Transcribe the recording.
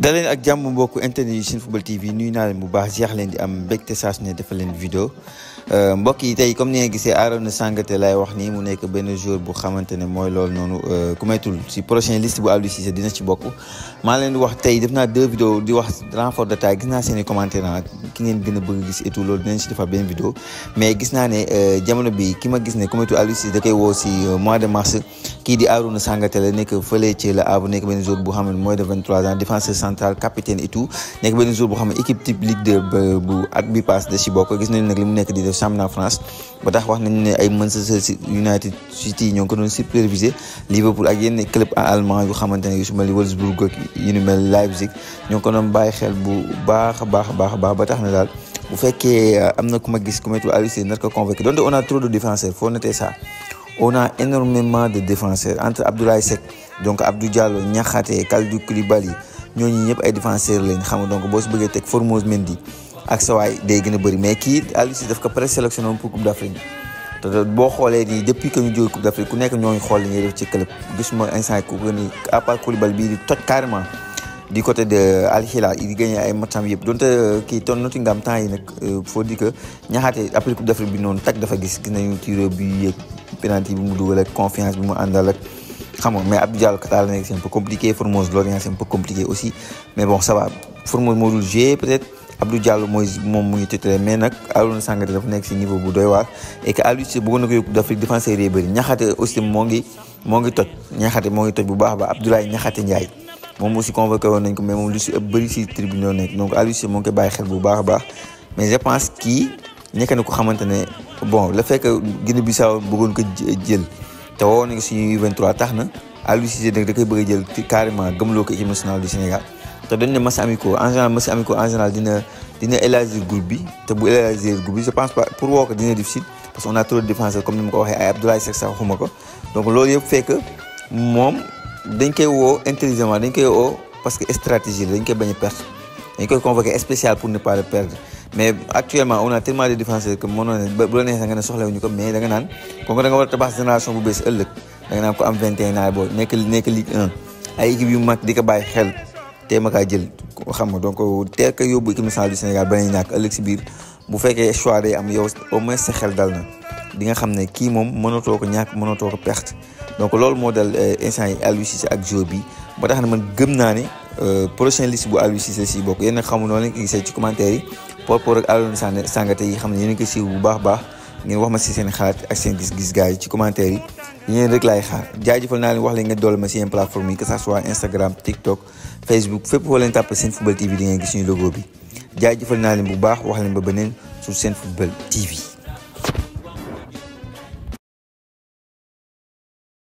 daleen ak jàmm mbokku internet yu seen football tv nuyu naa leen bu baax jeex leen di am mbégte saa su ne defal leen vidéo euh, mbokk tey comme ni nga gisee Arouna Sangante laay wax nii mu nekk benn joueur bu xamante ne mooy loolu noonu euh, ku maytul si prochain liste bu Aliou dina ci bokk maa leen di wax tey def naa deux di wax renfort d'attaque gis naa seen i commentaire nag ki ngeen gën a bëgg gis et tout loolu dinañ si defal euh, ki ma gis ne ku mois de mars kii di central capitaine et tout nek benn jour boo xam équipe type Ligue 2 bu at bi pass de ci bokk gis nañ nak limu nek di def championnat France ba tax wax nañ né ay Manchester United City ñoo ko doon superviser Liverpool ak yenn club en allemand yu xamante ne yu su Wolfsburg ak yu ni mel Leipzig ñoo ko doon bàyyi xel bu baax a baax a baax baax ba tax na dal bu fekkee euh, am na ku ma gis ku méttu Alice nar ko convaincu donte on a trop de défenseurs faut noter ça on a énormément de défenseurs entre Abdoulaye Seck donc Abdou Diallo Niakhaté Kalidou Koulibaly ñooñu ñëpp ay défenseur lañ xam nga donc boo si bëggee teg Formose Mendy ak sa waay day gën a bëri mais kii Aliou Cissé ko présélectionné woon pour Coupe d'Afrique te boo xoolee nii depuis que ñu jógee Coupe d'Afrique ku nekk ñooñu xool li ngay def ci club gisuma instant ku gën a à bii di toj carrément du côté de Al Hilal di gagné ay matcham yëpp donte euh, kii ton Nottingham temps yi nag euh, faut dire que ñaxaate après Coupe d'Afrique bi noonu tag dafa gis gis nañu tiro bi yeeg penalty bi mu dugal ak confiance bi mu àndal ak mais Abdou Diallo c'est un peu compliqué pour Lorient c'est un peu compliqué aussi mais bon ça va pour moi, peut-être Abdou Diallo mooy moom mu mais niveau bu et que l'Afrique défense ko d'Afrique défenseur yi bëri aussi moo ngi moo ngi toj bu baax ba aussi convoqué mais lu tribune donc c'est moo ngi xel bu mais je pense kii nekk ko xamante bon le fait que guinée te woo nañ ko suñu tax na Aliou Cissé nag da koy bëgg a jël carrément gëmloo ko équipe nationale du Sénégal te dañ ne match amicaux en général match amicaux en général dina dina élargir bi te bu élargir groupe bi je pense pas pour woo ko dina difficile parce que on a trop de défenseurs comme ni ko waxee ay Abdoulaye sax xuma ko donc loolu yëpp fekk moom dañ koy woo intelligemment dañ koy woo parce que stratégie la dañ koy bañ a perte dañ koy convoqué spécial pour ne pas le mais actuellement on a tellement de défenseurs que mënoon na bu la neexee nga ne soxlawuñu ko mais da naan kon da nga war a tabax génération bu bees ëllëg da naan ko am 21 ans boo nekk nekk Ligue 1 ay équipe yu mag di ko bàyyi xel tee ma kaa jël xam nga donc teel yóbbu équipe nationale du Sénégal ba ñàkk ëllëg si biir bu fekkee choix am yow au moins xel dal na di nga xam ne kii moom mënatoo ko ñàkk mënatoo ko perte donc loolu moo dal eh, instant yi Aliou ak jour bi ba tax na man gëm naa ne euh, prochaine liste bu Aliou si bokk yéen a xamu noonu lañ ko gisee ci commentaire yi par rapport ak Alioune Sané Sangaté yi xam ne yéen a ko siiw bu baax baax ngeen wax ma si seen xalaat ak seen gis-gis gars yi ci commentaire yi yéen rek laay xaar jaajëfal naa leen wax leen ngeen doole ma si yeen plateforme yi que ça soit Instagram TikTok Facebook fépp foo leen tàpp seen football TV di ngeen gis suñu logo bi jaajëfal naa leen bu baax wax leen ba beneen sur seen football TV